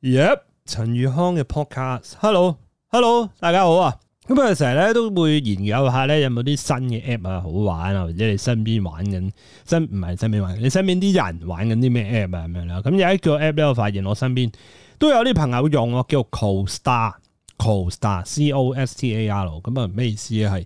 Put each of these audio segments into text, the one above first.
Yep，陳宇康嘅 podcast，hello hello，大家好啊。咁啊，成日咧都會研究下咧，有冇啲新嘅 app 啊好玩啊，或者你身邊玩緊，身唔係身邊玩，你身邊啲人玩緊啲咩 app 啊咁樣啦。咁有一個 app 咧，我發現我身邊都有啲朋友用啊，我叫 CoStar CoStar CoStar, C O S T A R，CoStar，CoStar 咁啊咩意思啊？係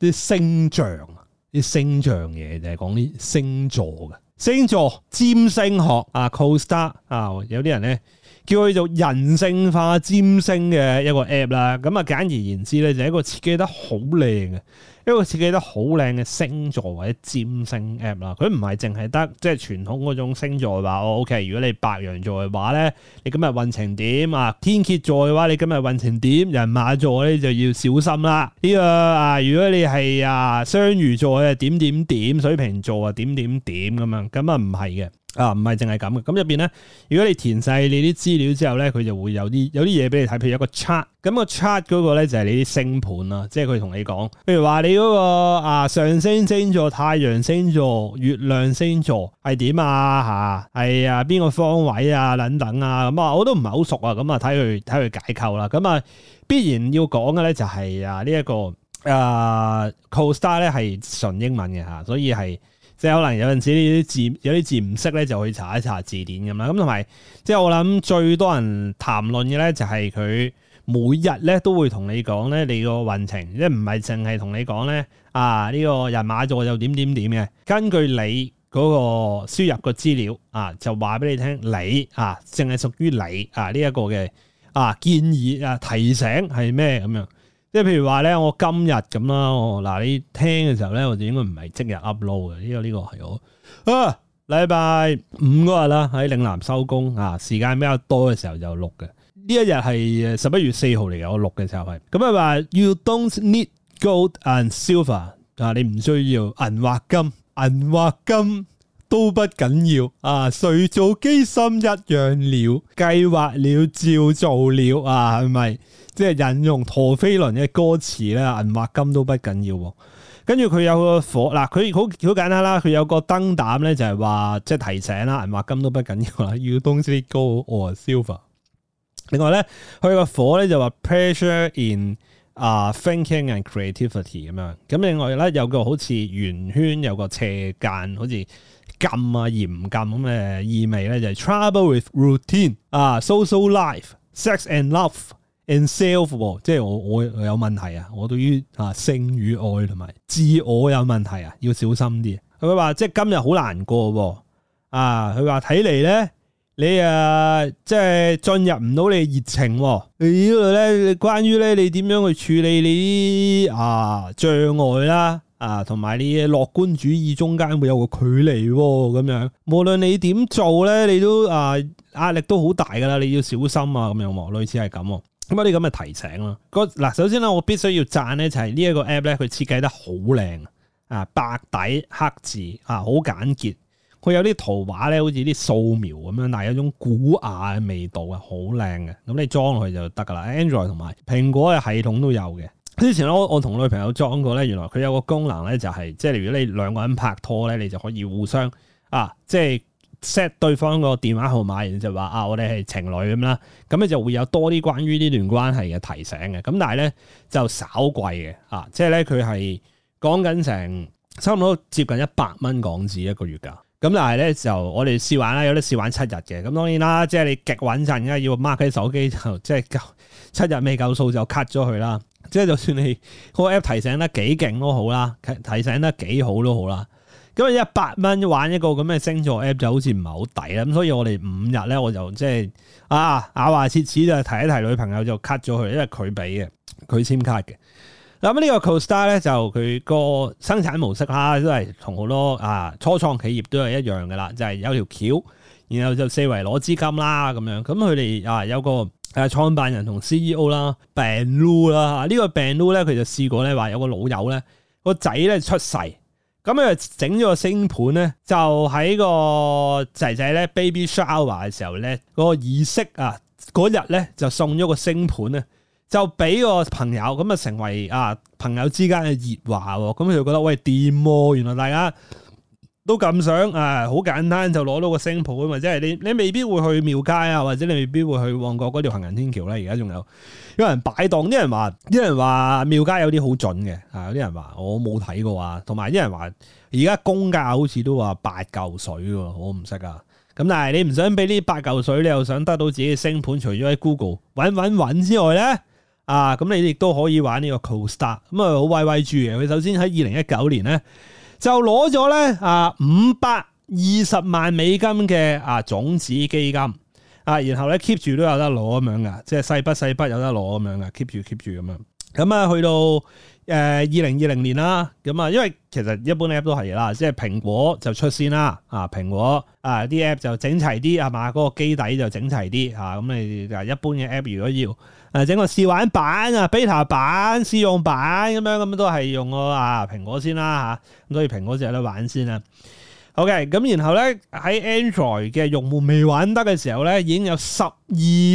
啲星象，啲星象嘢就係講啲星座嘅星座占星學啊，CoStar 啊，有啲人咧。叫佢做人性化占星嘅一個 app 啦，咁啊簡而言之咧，就係一個設計得好靚嘅一個設計得好靚嘅星座或者占星 app 啦。佢唔係淨係得即係傳統嗰種星座話，我 OK，如果你白羊座嘅話咧，你今日運程點啊？天蠍座嘅話，你今日運程點？人馬座咧就要小心啦。呢個啊，如果你係啊雙魚座嘅點點點，水瓶座啊點點點咁樣，咁啊唔係嘅。啊，唔係淨係咁嘅，咁入邊咧，如果你填晒你啲資料之後咧，佢就會有啲有啲嘢俾你睇，譬如有個 chart，咁個 chart 嗰個咧就係你啲星盤啊，即係佢同你講，譬如話你嗰個啊上升星座、太陽星座、月亮星座係點啊吓，係啊邊個方位啊等等啊，咁啊我都唔係好熟啊，咁啊睇佢睇佢解構啦，咁啊必然要講嘅咧就係啊呢一個啊 CoStar 咧係純英文嘅吓，所以係。即係可能有陣時啲字有啲字唔識咧，就去查一查字典咁啦。咁同埋，即係我諗最多人談論嘅咧，就係佢每日咧都會同你講咧，你個運程，即係唔係淨係同你講咧啊？呢個人馬座又點點點嘅，根據你嗰個輸入個資料啊，就話俾你聽，你啊，淨係屬於你啊呢一個嘅啊建議啊提醒係咩咁樣？即係譬如話咧，我今日咁啦，我嗱你聽嘅時候咧，我哋應該唔係即日 upload 嘅，呢個呢、啊、個係我啊禮拜五嗰日啦，喺嶺南收工啊，時間比較多嘅時候就錄嘅。呢一日係十一月四號嚟，我錄嘅時候係咁啊話，You don't need gold and silver 啊，你唔需要銀或金，銀或金。都不緊要啊！誰做機心一樣了，計劃了照做了啊？係咪？即係引用陀飛輪嘅歌詞咧，銀或金都不緊要。跟住佢有個火嗱，佢好好簡單啦。佢有個燈膽咧，就係話即係提醒啦，銀或金都不緊要啦。要東西 gold or silver。另外咧，佢個火咧就話 pressure in 啊、uh, thinking and creativity 咁樣。咁另外咧有個好似圓圈，有一個斜間，好似。禁啊，嚴禁咁嘅意味咧就係、是、trouble with routine 啊、uh,，social life、sex and love and self，、哦、即係我我有問題啊，我對於啊性與愛同埋自我有問題啊，要小心啲。佢話即係今日好難過喎，啊，佢話睇嚟咧，你啊即係進入唔到你嘅熱情喎，呢度咧關於咧你點樣去處理你啊障礙啦。啊，同埋你嘅樂觀主義中間會有個距離喎、哦，咁樣無論你點做咧，你都啊壓力都好大噶啦，你要小心啊，咁樣喎，類似係咁，咁有啲咁嘅提醒啦嗱，首先咧，我必須要讚咧就係呢一個 app 咧，佢設計得好靚啊，白底黑字啊，好簡潔。佢有啲圖畫咧，好似啲素描咁樣，但係有種古雅嘅味道啊，好靚嘅。咁你裝落去就得噶啦，Android 同埋蘋果嘅系統都有嘅。之前咧，我同女朋友裝過咧，原來佢有個功能咧、就是，就係即係，如果你兩個人拍拖咧，你就可以互相啊，即係 set 對方個電話號碼，然後話啊，我哋係情侶咁啦，咁咧就會有多啲關於呢段關係嘅提醒嘅。咁但係咧就稍貴嘅啊，即係咧佢係講緊成差唔多接近一百蚊港紙一個月噶。咁但係咧就我哋試玩啦，有啲試玩七日嘅。咁當然啦，即係你極穩陣，因為要 mark 起手機就即係夠七日未夠數就 cut 咗佢啦。即係就算你個 app 提醒得幾勁都好啦，提醒得幾好都好啦。咁啊一百蚊玩一個咁嘅星座 app 就好似唔係好抵啦。咁所以我哋五日咧，我就即係啊咬牙切齒就提一提女朋友就 cut 咗佢，因為佢俾嘅，佢簽卡嘅。咁、嗯這個、呢個 Co-Star 咧就佢個生產模式啦，都係同好多啊初創企業都係一樣噶啦，就係、是、有條橋，然後就四圍攞資金啦咁樣。咁佢哋啊有個。係創辦人同 CEO 啦，Ben Lu 啦，呢個 Ben Lu 咧，佢就試過咧，話有個老友咧，個仔咧出世，咁佢整咗個星盤咧，就喺個仔仔咧 baby shower 嘅時候咧，嗰個儀式啊嗰日咧就送咗個星盤啊，就俾個朋友，咁啊、那個、成為啊朋友之間嘅熱話，咁佢就覺得喂掂喎！原來大家。都咁想啊！好簡單就攞到個星盤啊，或者係你你未必會去廟街啊，或者你未必會去旺角嗰條行人天橋呢、啊。而家仲有有人擺檔，啲人話，啲人話廟街有啲好準嘅，啊，有啲人話我冇睇過啊。同埋啲人話，而家公價好似都話八嚿水，我唔識啊。咁但係你唔想俾呢八嚿水，你又想得到自己嘅星盤？除咗喺 Google 揾揾揾之外咧，啊，咁你亦都可以玩呢個 CoStar，咁啊好威威住嘅。佢首先喺二零一九年咧。就攞咗咧啊五百二十萬美金嘅啊種子基金啊，然後咧 keep 住都有得攞咁樣噶，即係細筆細筆有得攞咁樣噶，keep 住 keep 住咁樣。咁啊、嗯、去到誒二零二零年啦，咁、嗯、啊因為其實一般 app 都係啦，即係蘋果就出先啦，啊蘋果啊啲 app 就整齊啲係嘛，嗰、嗰個基底就整齊啲吓，咁、啊、你一般嘅 app 如果要。誒、啊，整個試玩版啊，beta 版、試用版咁樣，咁都係用個啊蘋果先啦吓，咁所以蘋果先有得玩先啦。OK，咁然後咧喺 Android 嘅用戶未玩得嘅時候咧，已經有十二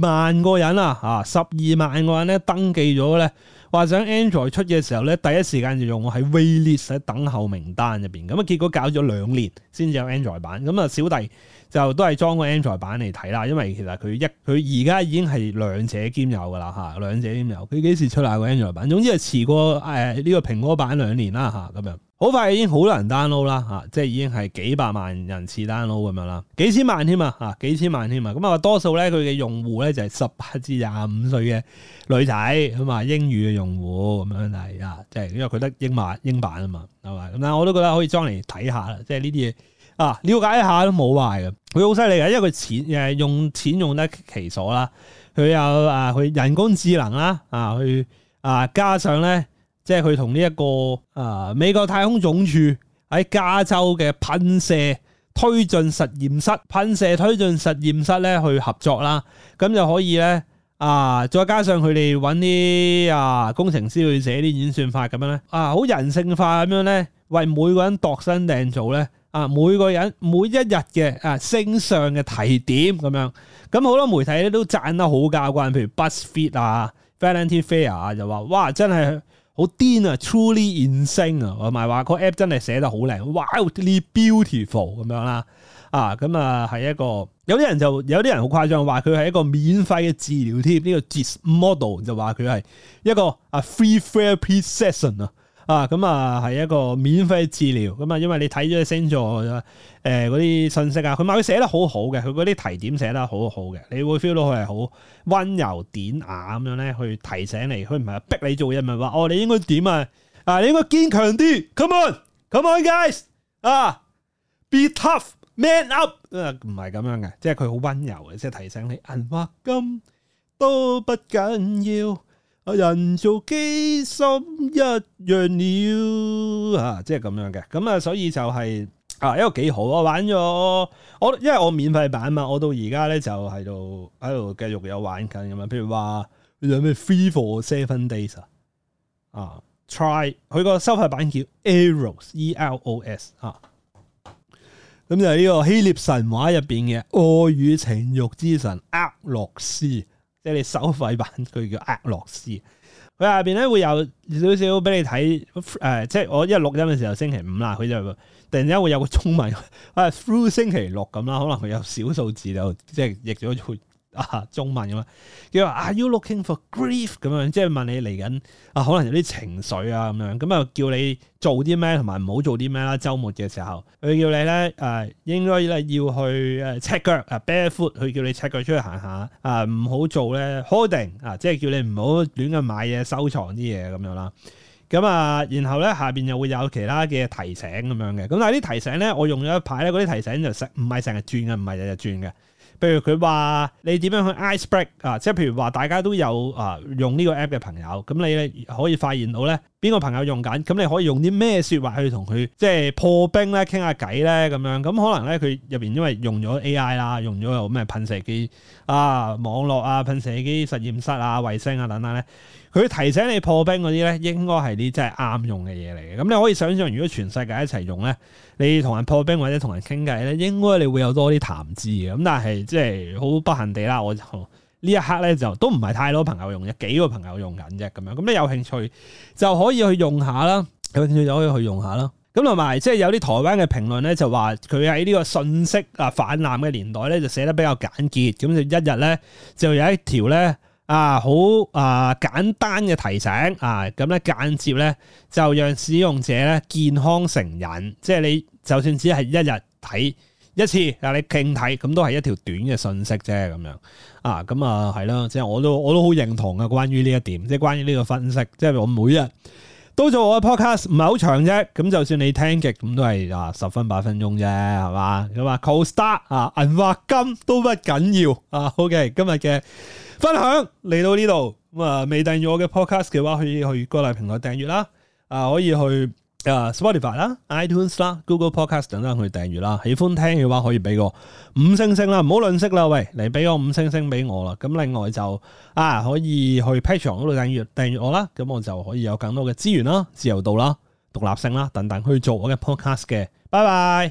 萬個人啦，啊，十二萬個人咧登記咗咧。話想 Android 出嘅時候咧，第一時間就用我喺 Release 等候名單入邊，咁啊結果搞咗兩年先至有 Android 版，咁啊小弟就都係裝個 Android 版嚟睇啦，因為其實佢一佢而家已經係兩者兼有噶啦吓，兩者兼有，佢幾時出嚟個 Android 版？總之係遲過誒呢、呃這個蘋果版兩年啦吓，咁樣。好快已經好多人 download 啦，吓、啊，即係已經係幾百萬人次 download 咁樣啦，幾千萬添啊，吓，幾千萬添啊，咁啊，多數咧佢嘅用戶咧就係十八至廿五歲嘅女仔，咁啊，英語嘅用戶咁樣係啊，即係因為佢得英，英版英版啊嘛，係嘛，咁啊，我都覺得可以裝嚟睇下啦，即係呢啲嘢啊，了解一下都冇壞嘅，佢好犀利啊，因為佢錢誒用錢用得其所啦，佢有誒去、啊、人工智能啦，啊去啊加上咧。即係佢同呢一個啊美國太空總署喺加州嘅噴射推進實驗室、噴射推進實驗室咧去合作啦，咁就可以咧啊，再加上佢哋揾啲啊工程師去寫啲演算法咁樣咧，啊好人性化咁樣咧，為每個人度身訂造咧，啊每個人每一日嘅啊星相嘅提點咁樣，咁好多媒體咧都讚得好交關，譬如 BuzzFeed 啊、Valentine Fair 啊就話哇真係。好癲啊，truly insane 啊，同埋話個 app 真係寫得好靚，wildly beautiful 咁樣啦，啊，啊咁啊係一個，有啲人就有啲人好誇張話佢係一個免費嘅治療添，呢、呢個 dismodel 就話佢係一個啊 free therapy session 啊。啊，咁啊，係一個免費治療，咁啊，因為你睇咗星座誒嗰啲信息啊，佢咪佢寫得好好嘅，佢嗰啲提點寫得好好嘅，你會 feel 到佢係好溫柔典雅咁樣咧，去提醒你，佢唔係逼你做嘢，唔係話哦你應該點啊，啊你應該堅強啲，Come on，Come on guys，啊，Be tough，Man up，唔係咁樣嘅，即係佢好溫柔嘅，即係提醒你，銀或金都不緊要。人造機心一樣了啊，即係咁樣嘅，咁啊，所以就係、是、啊一個幾好，我玩咗我，因為我免費版嘛，我到而家咧就喺度喺度繼續有玩緊咁啊。譬如話你有咩 free for seven days 啊，啊，try 佢個收費版叫 eros e l o s 啊，咁就係呢個希臘神話入邊嘅愛與情慾之神厄洛斯。即係你收費版，佢叫厄洛斯，佢下邊咧會有少少俾你睇，誒、呃，即係我一錄音嘅時候星期五啦，佢就突然間會有個中文，啊，through 星期六咁啦，可能佢有少數字就即係譯咗出。啊，中文咁啦，佢話：Are you looking for grief？咁樣即係問你嚟緊啊，可能有啲情緒啊咁樣，咁啊叫你做啲咩，同埋唔好做啲咩啦。周末嘅時候，佢叫你咧誒、呃，應該咧要去 c h、呃、e 誒赤腳啊 barefoot，佢叫你 check 赤腳出去行下啊，唔、呃、好做咧 hoarding 啊，即係叫你唔好亂咁買嘢收藏啲嘢咁樣啦。咁啊，然後咧下邊又會有其他嘅提醒咁樣嘅。咁但係啲提醒咧，我用咗一排咧，嗰啲提醒就唔係成日轉嘅，唔係日日轉嘅。譬如佢話你點樣去 ice break 啊？即係譬如話大家都有啊用呢個 app 嘅朋友，咁你咧可以發現到咧邊個朋友用緊，咁你可以用啲咩說話去同佢即係破冰咧、傾下偈咧咁樣。咁可能咧佢入面因為用咗 AI 啦，用咗有咩噴射機啊、網絡啊、噴射機實驗室啊、衛星啊等等咧，佢提醒你破冰嗰啲咧，應該係啲真係啱用嘅嘢嚟嘅。咁你可以想象如果全世界一齊用咧，你同人破冰或者同人傾偈咧，應該你會有多啲談資嘅。咁但係即係好不幸地啦，我就呢一刻咧，就都唔係太多朋友用，只幾個朋友用緊啫，咁樣，咁你有興趣就可以去用下啦，有興趣就可以去用下啦。咁同埋，即係有啲台灣嘅評論咧，就話佢喺呢個信息啊泛濫嘅年代咧，就寫得比較簡潔。咁就一日咧，就有一條咧啊，好啊簡單嘅提醒啊，咁咧間接咧就讓使用者咧健康成人，即係你就算只係一日睇。一次啊，你傾睇咁都係一條短嘅信息啫，咁樣啊，咁啊，係啦，即係我都我都好認同嘅，啊，關於呢一點，即係關於呢個分析，即係我每日都做我嘅 podcast，唔係好長啫，咁就算你聽極，咁都係啊十分八分鐘啫，係嘛？咁啊，Co-Star 啊，銀或金都不緊要啊。OK，今日嘅分享嚟到呢度咁啊，未訂閱我嘅 podcast 嘅話，可以去各大平台訂閱啦，啊，可以去。Uh, Spotify 啦，iTunes 啦，Google Podcast 等等去訂閱啦。喜歡聽嘅話可以俾個五星星啦，唔好吝嗇啦。喂，你俾個五星星俾我啦。咁另外就啊，可以去 Patreon 嗰度訂閱訂閱我啦。咁我就可以有更多嘅資源啦、自由度啦、獨立性啦等等去做我嘅 Podcast 嘅。拜拜。